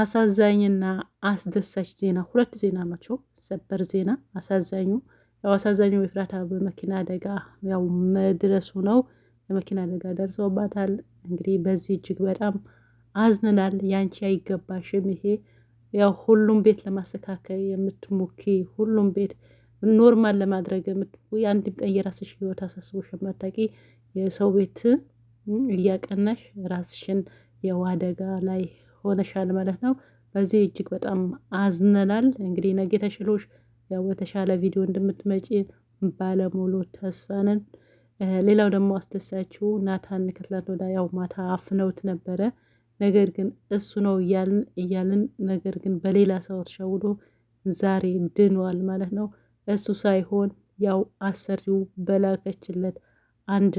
አሳዛኝና አስደሳች ዜና ሁለት ዜና ናቸው። ሰበር ዜና፣ አሳዛኙ ያው አሳዛኙ ኤፍራታ በመኪና አደጋ ያው መድረሱ ነው። የመኪና አደጋ ደርሰውባታል። እንግዲህ በዚህ እጅግ በጣም አዝንናል ያንቺ አይገባሽም። ይሄ ያው ሁሉም ቤት ለማስተካከል የምትሞኪ ሁሉም ቤት ኖርማል ለማድረግ የምትሞኪ የአንድም ቀን የራስሽ ህይወት አሳስቦሽ የማታውቂ የሰው ቤት እያቀናሽ ራስሽን የው አደጋ ላይ ሆነሻል ማለት ነው። በዚህ እጅግ በጣም አዝነናል። እንግዲህ ነገ ተሽሎሽ ያው በተሻለ ቪዲዮ እንደምትመጪ ባለሙሉ ተስፋ ነን። ሌላው ደግሞ አስደሳችው ናታን ከትላንት ወዲያ ያው ማታ አፍነውት ነበረ። ነገር ግን እሱ ነው እያልን እያልን ነገር ግን በሌላ ሰው ተሸውዶ ዛሬ ድኗል ማለት ነው። እሱ ሳይሆን ያው አሰሪው በላከችለት አንድ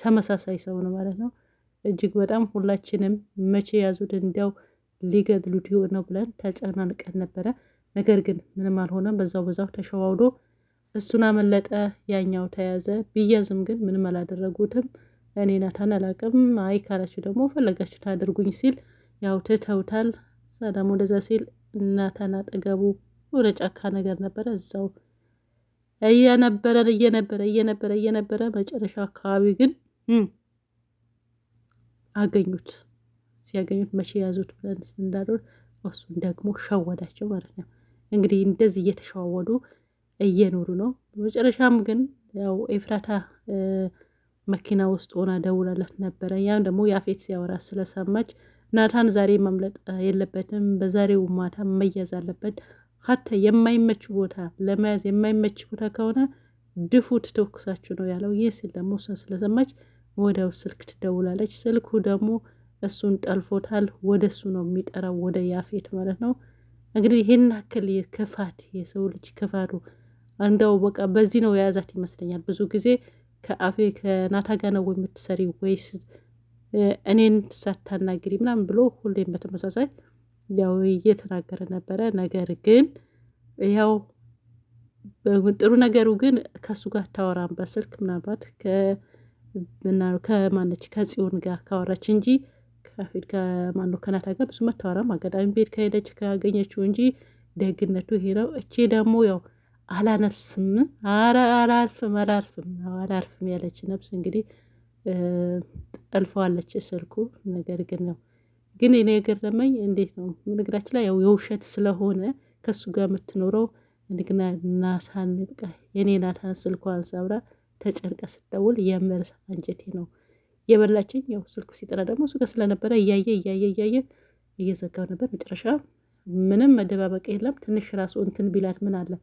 ተመሳሳይ ሰው ነው ማለት ነው። እጅግ በጣም ሁላችንም መቼ ያዙት እንዲያው ሊገድሉት ይሆን ነው ብለን ተጨናንቀን ነበረ። ነገር ግን ምንም አልሆነም። በዛው በዛው ተሸዋውዶ እሱን አመለጠ፣ ያኛው ተያዘ። ቢያዝም ግን ምንም አላደረጉትም። እኔ ናታን አላቅም አይ ካላችሁ ደግሞ ፈለጋችሁ ታደርጉኝ ሲል ያው ትተውታል። ሰላም ወደዛ ሲል ናታን አጠገቡ ወደ ጫካ ነገር ነበረ እዛው እየነበረ እየነበረ እየነበረ እየነበረ መጨረሻ አካባቢ ግን አገኙት። ሲያገኙት መቼ ያዙት ብለን እንዳልሆን እሱን ደግሞ ሸወዳቸው ማለት ነው። እንግዲህ እንደዚህ እየተሸዋወዱ እየኖሩ ነው። በመጨረሻም ግን ያው ኤፍራታ መኪና ውስጥ ሆና ደውላለት ነበረ። ያም ደግሞ የአፌት ሲያወራ ስለሰማች ናታን ዛሬ መምለጥ የለበትም፣ በዛሬው ማታ መያዝ አለበት። ሀታ የማይመች ቦታ ለመያዝ የማይመች ቦታ ከሆነ ድፉት ተኩሳችሁ ነው ያለው። ይህ ሲል ደግሞ ስለሰማች ወዲያው ስልክ ትደውላለች። ስልኩ ደግሞ እሱን ጠልፎታል። ወደ እሱ ነው የሚጠራው፣ ወደ ያፌት ማለት ነው። እንግዲህ ይህን ያክል ክፋት፣ የሰው ልጅ ክፋቱ እንደው በቃ በዚህ ነው የያዛት ይመስለኛል። ብዙ ጊዜ ከአፌ ከናታ ጋር ነው የምትሰሪ ወይስ እኔን ሳታናግሪ ምናምን ብሎ ሁሌም በተመሳሳይ ያው እየተናገረ ነበረ። ነገር ግን ያው ጥሩ ነገሩ ግን ከእሱ ጋር ታወራም በስልክ ምናልባት ከማነች ከጽዮን ጋር ካወራች እንጂ ከፊል ከማነው ከናታ ጋር ብዙ መታወራም አጋጣሚ ቤት ከሄደች ካገኘችው እንጂ ደግነቱ ይሄ ነው። እቺ ደግሞ ያው አላነፍስም አላርፍም አላርፍም አላርፍም ያለች ነብስ እንግዲህ ጠልፈዋለች ስልኩ። ነገር ግን ነው ግን እኔ የገረመኝ እንዴት ነው ነገራችን ላይ ያው የውሸት ስለሆነ ከሱ ጋር የምትኖረው እንግና ናታን በቃ የኔ ናታን ስልኳን ሰብራ ተጨንቀ ስትደውል የምር አንጀቴ ነው የበላችኝ። ያው ስልኩ ሲጠራ ደግሞ እሱ ጋር ስለነበረ እያየ እያየ እያየ እየዘጋው ነበር። መጨረሻ ምንም መደባበቅ የለም። ትንሽ ራሱ እንትን ቢላት ምን አለ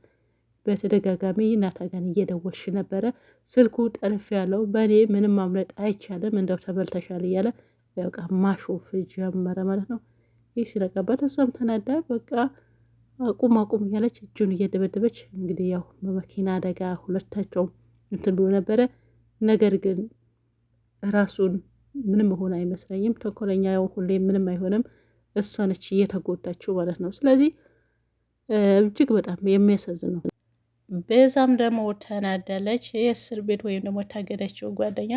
በተደጋጋሚ እናታ ጋን እየደወልሽ ነበረ፣ ስልኩ ጠልፍ ያለው በእኔ ምንም ማምለጥ አይቻልም፣ እንደው ተበልተሻል እያለ በቃ ማሾፍ ጀመረ ማለት ነው። ይህ ሲለቀባት እሷም ተናዳ በቃ አቁም አቁም እያለች እጁን እየደበደበች እንግዲህ ያው በመኪና አደጋ ሁለታቸውም እንትን ብሎ ነበረ። ነገር ግን ራሱን ምንም መሆን አይመስለኝም። ተንኮለኛ ያው ሁሌ ምንም አይሆንም። እሷ ነች እየተጎዳችው ማለት ነው። ስለዚህ እጅግ በጣም የሚያሳዝን ነው። በዛም ደግሞ ተናደለች። የእስር ቤት ወይም ደግሞ የታገደችው ጓደኛ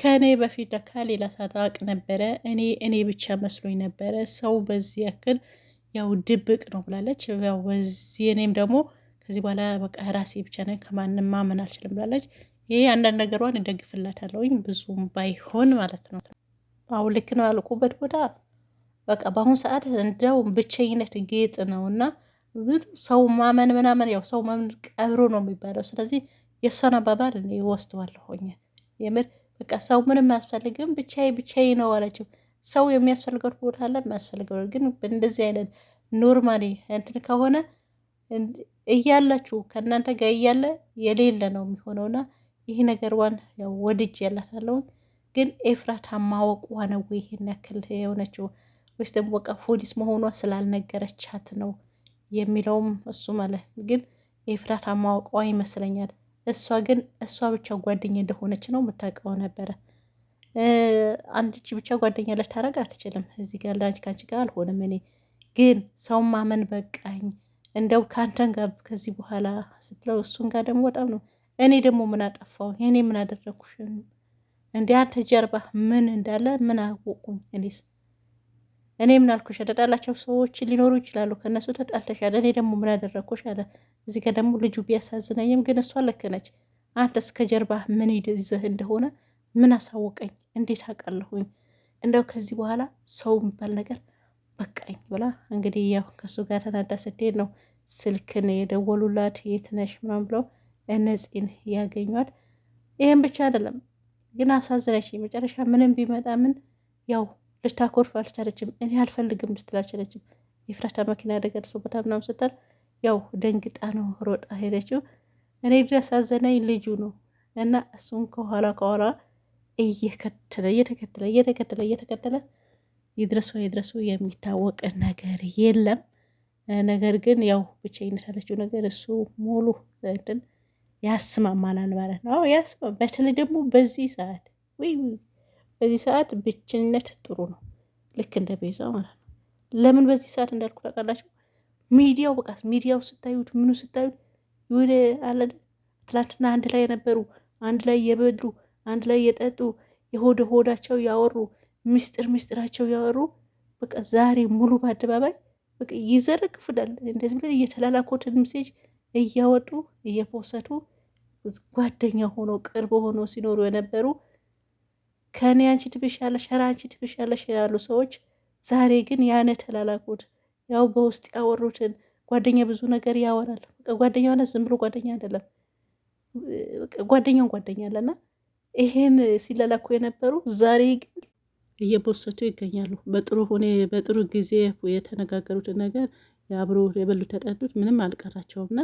ከእኔ በፊት ደካ ሌላ ሳታውቅ ነበረ፣ እኔ እኔ ብቻ መስሎኝ ነበረ፣ ሰው በዚህ ያክል ያው ድብቅ ነው ብላለች። ያው በዚህ እኔም ደግሞ ከዚህ በኋላ በቃ ራሴ ብቻ ነኝ ከማንም ማመን አልችልም ብላለች። ይሄ አንዳንድ ነገሯን እደግፍላታለሁኝ ብዙም ባይሆን ማለት ነው። አሁን ልክ ነው ያልቁበት ቦታ በቃ በአሁኑ ሰዓት እንደውም ብቸኝነት ጌጥ ነው እና ሰው ማመን ምናምን ያው ሰው ማመን ቀብሮ ነው የሚባለው። ስለዚህ የእሷን አባባል እኔ ወስደዋለሁኝ። የምር በቃ ሰው ምንም አያስፈልግም ብቻዬ ብቻዬ ነው አለችው። ሰው የሚያስፈልገው ቦታ አለ የሚያስፈልገው ግን እንደዚህ አይነት ኖርማሊ እንትን ከሆነ እያላችሁ ከእናንተ ጋር እያለ የሌለ ነው የሚሆነውና ይህ ነገርዋን ያው ወድጅ ያላታለውን ግን ኤፍራታ ማወቅ ነው ይሄን ያክል የሆነችው ወይስ ደግሞ በቃ ፖሊስ መሆኗ ስላልነገረቻት ነው የሚለውም እሱ ማለት ግን ኤፍራታ ማወቅዋ ይመስለኛል። እሷ ግን እሷ ብቻ ጓደኛ እንደሆነች ነው የምታውቀው ነበረ። አንድች ብቻ ጓደኛ ታረግ አትችልም። እዚህ ጋር ለአንቺ ከአንቺ ጋር አልሆንም እኔ ግን ሰው ማመን በቃኝ እንደው ከአንተን ጋር ከዚህ በኋላ ስትለው እሱን ጋር ደግሞ በጣም ነው እኔ ደግሞ ምን አጠፋው እኔ ምን አደረግኩሽ? እንደ አንተ ጀርባ ምን እንዳለ ምን አወቁኝ? እኔስ እኔ ምን አልኩሽ? ተጣላቸው ሰዎች ሊኖሩ ይችላሉ። ከእነሱ ተጣልተሻል። እኔ ደግሞ ምን አደረግኩሽ አለ። እዚህ ጋር ደግሞ ልጁ ቢያሳዝነኝም ግን እሷ ልክ ነች። እስከ ጀርባ ምን ይዘህ እንደሆነ ምን አሳወቀኝ? እንዴት አውቃለሁኝ? እንደው ከዚህ በኋላ ሰው የሚባል ነገር በቃኝ ብላ እንግዲህ ያው ከሱ ጋር ተናዳ ስትሄድ ነው ስልክን የደወሉላት የት ነሽ ምናምን ብለው እነፂን ያገኟል። ይህም ብቻ አይደለም ግን አሳዝናች መጨረሻ ምንም ቢመጣ ምን ያው ልታኮርፍ አልቻለችም። እኔ አልፈልግም ልትል አልቻለችም። የፍራታ መኪና አደጋ ደርሶበታል ምናምን ስትል ያው ደንግጣ ነው ሮጣ ሄደችው። እኔ ድ አዘነኝ ልጁ ነው እና እሱን ከኋላ ከኋላ እየከተለ እየተከተለ እየተከተለ እየተከተለ ይድረሱ ይድረሱ የሚታወቅ ነገር የለም። ነገር ግን ያው ብቸኝነት ያለችው ነገር እሱ ሙሉ እንትን ያስማማናል ማለት ነው። ያስማ። በተለይ ደግሞ በዚህ ሰዓት ወይ በዚህ ሰዓት ብቸኝነት ጥሩ ነው፣ ልክ እንደ ቤዛ ማለት ነው። ለምን በዚህ ሰዓት እንዳልኩ ታውቃላችሁ? ሚዲያው በቃስ ሚዲያው ስታዩት ምኑ ስታዩት የሆነ አለ ትላንትና አንድ ላይ የነበሩ አንድ ላይ የበሉ አንድ ላይ የጠጡ የሆደ ሆዳቸው ያወሩ ምስጢር ምስጢራቸው ያወሩ በቃ ዛሬ ሙሉ በአደባባይ በቃ ይዘረግፉናል። እንደዚህ ብለን እየተላላኮትን ምሴጅ እያወጡ እየፖሰቱ ጓደኛ ሆኖ ቅርብ ሆኖ ሲኖሩ የነበሩ ከኔ አንቺ ትብሻለሽ፣ ኧረ አንቺ ትብሻለሽ ያሉ ሰዎች ዛሬ ግን ያነ ተላላኩት ያው በውስጥ ያወሩትን ጓደኛ ብዙ ነገር ያወራል። ጓደኛ ሆነ ዝም ብሎ ጓደኛ አይደለም፣ ጓደኛው ጓደኛ አለና ይሄን ሲላላኩ የነበሩ ዛሬ ግን እየቦሰቱ ይገኛሉ። በጥሩ ሁኔ በጥሩ ጊዜ የተነጋገሩት ነገር የአብሮ የበሉት ተጠጡት ምንም አልቀራቸውምና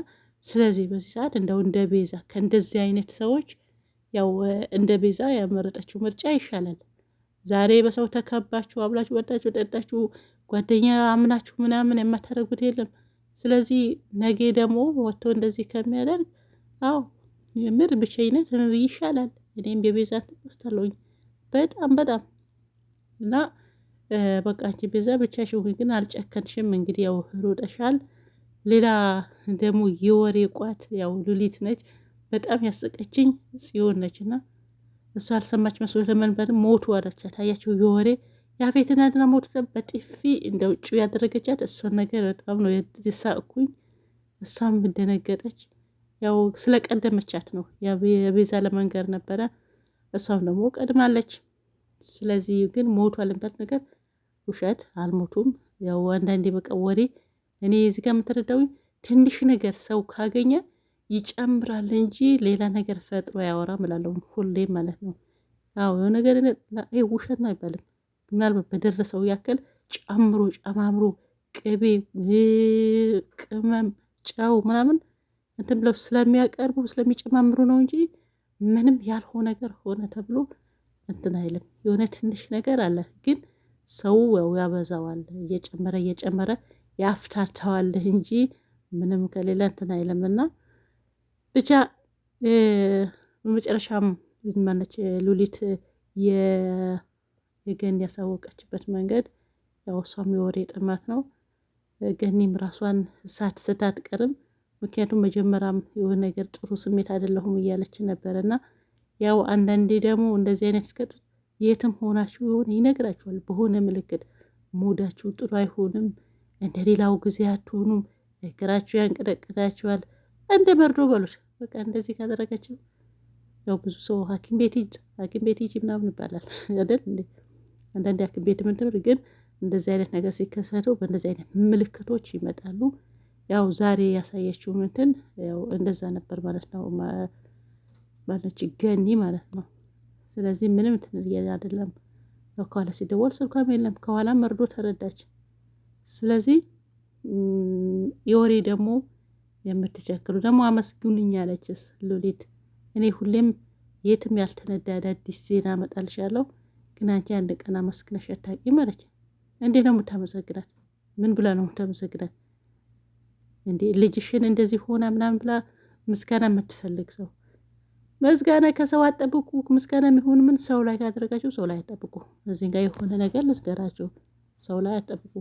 ስለዚህ በዚህ ሰዓት እንደው እንደ ቤዛ ከእንደዚህ አይነት ሰዎች ያው እንደ ቤዛ ያመረጠችው ምርጫ ይሻላል። ዛሬ በሰው ተከባችሁ አብላችሁ ወጣችሁ ጠጣችሁ ጓደኛ አምናችሁ ምናምን የማታደርጉት የለም። ስለዚህ ነገ ደግሞ ወጥቶ እንደዚህ ከሚያደርግ አዎ የምር ብቸኝነት ይሻላል። እኔም የቤዛ ውስጥ አለውኝ በጣም በጣም እና በቃ አንቺ ቤዛ ብቻሽ ሁኝ፣ ግን አልጨከንሽም። እንግዲህ ያው ሩጠሻል። ሌላ ደግሞ የወሬ ቋት ያው ሉሊት ነች። በጣም ያሰቀችኝ ጽዮን ነች እና እሷ አልሰማች መስሎ ለመንበር ሞቱ አለቻት። አያቸው የወሬ ያፌትን አድና ሞቱ በጥፊ እንደ ውጭ ያደረገቻት እሷን ነገር በጣም ነው የሳቅኩኝ። እሷም ደነገጠች። ያው ስለቀደመቻት ነው የቤዛ ለመንገር ነበረ። እሷም ደግሞ ቀድማለች። ስለዚህ ግን ሞቷል የሚባል ነገር ውሸት አልሞቱም። ያው አንዳንዴ በቃ ወሬ እኔ እዚህ ጋር የምትረዳው ትንሽ ነገር ሰው ካገኘ ይጨምራል እንጂ ሌላ ነገር ፈጥሮ አያወራም እላለሁ ሁሌም ማለት ነው። አዎ የሆነ ነገር ውሸት ነው አይባልም። ምናልባት በደረሰው ያክል ጨምሮ ጨማምሮ ቅቤ፣ ቅመም፣ ጨው ምናምን እንትን ብለው ስለሚያቀርቡ ስለሚጨማምሩ ነው እንጂ ምንም ያልሆነ ነገር ሆነ ተብሎ እንትን አይልም። የሆነ ትንሽ ነገር አለ፣ ግን ሰው ያው ያበዛዋል፣ እየጨመረ እየጨመረ ያፍታታዋል እንጂ ምንም ከሌለ እንትን አይልም። እና ብቻ በመጨረሻም ማነች ሉሊት የገኒ ያሳወቀችበት መንገድ ያው እሷም የወሬ ጥማት ነው። ገኒም ራሷን ሳት ስታትቀርም ምክንያቱም መጀመሪያም የሆነ ነገር ጥሩ ስሜት አይደለሁም እያለች ነበረና ያው አንዳንዴ ደግሞ እንደዚህ አይነት ፍቅር የትም ሆናችሁ የሆነ ይነግራችኋል። በሆነ ምልክት ሙዳችሁ ጥሩ አይሆንም፣ እንደ ሌላው ጊዜ አትሆኑም፣ እግራችሁ ያንቀጠቅጣችኋል። እንደ መርዶ በሉት በቃ። እንደዚህ ካደረገችው ያው ብዙ ሰው ሐኪም ቤት ሂጅ፣ ሐኪም ቤት ሂጅ ምናምን ይባላል አይደል እንዴ? አንዳንድ ሐኪም ቤት ምንትምር ግን እንደዚህ አይነት ነገር ሲከሰተው በእንደዚህ አይነት ምልክቶች ይመጣሉ። ያው ዛሬ ያሳየችው ምንትን ያው እንደዛ ነበር ማለት ነው። ባለች ገኒ ማለት ነው። ስለዚህ ምንም ትንል አይደለም። ከኋላ ሲደወል ስልኳም የለም። ከኋላም መርዶ ተረዳች። ስለዚህ የወሬ ደግሞ የምትቸክሉ ደግሞ አመስግኑኝ አለችስ ሉሊት። እኔ ሁሌም የትም ያልተነዳ አዳዲስ ዜና አመጣልሻለሁ፣ ግን አንቺ አንድ ቀን አመስግነሽ አታውቂም አለች። እንዴ ነው የምታመሰግናት? ምን ብላ ነው የምታመሰግናት? እንዴ ልጅሽን እንደዚህ ሆና ምናምን ብላ ምስጋና የምትፈልግ ሰው መዝጋና ከሰው አጠብቁ። ምስጋና የሚሆን ምን ሰው ላይ ካደረጋችሁ ሰው ላይ አጠብቁ። እዚህ ጋር የሆነ ነገር ልስገራችሁ፣ ሰው ላይ አጠብቁ።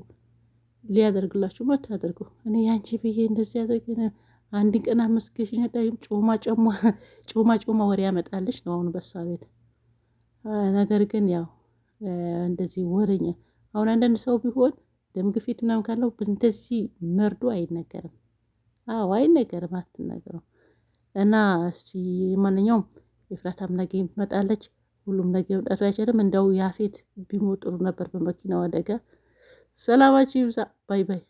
ሊያደርግላችሁ መታደርጉ እኔ ያንቺ ብዬ እንደዚህ ያደርግ አንድ ቀን አመስገሽኝ ዳይም ጮማ ጮማ ጮማ ወሬ ያመጣልሽ ነው አሁን በሷ ቤት። ነገር ግን ያው እንደዚህ ወረኛ አሁን አንዳንድ ሰው ቢሆን ደም ግፊት ምናምን ካለው እንደዚህ መርዶ አይነገርም። አዎ አይነገርም፣ አትነገረው እና እስቲ ማንኛውም የፍራታም ነገ ትመጣለች። ሁሉም ነገ መምጣቱ አይችልም። እንደው ያፌት ቢሞት ጥሩ ነበር በመኪናው አደጋ። ሰላማችሁ ይብዛ። ባይ ባይ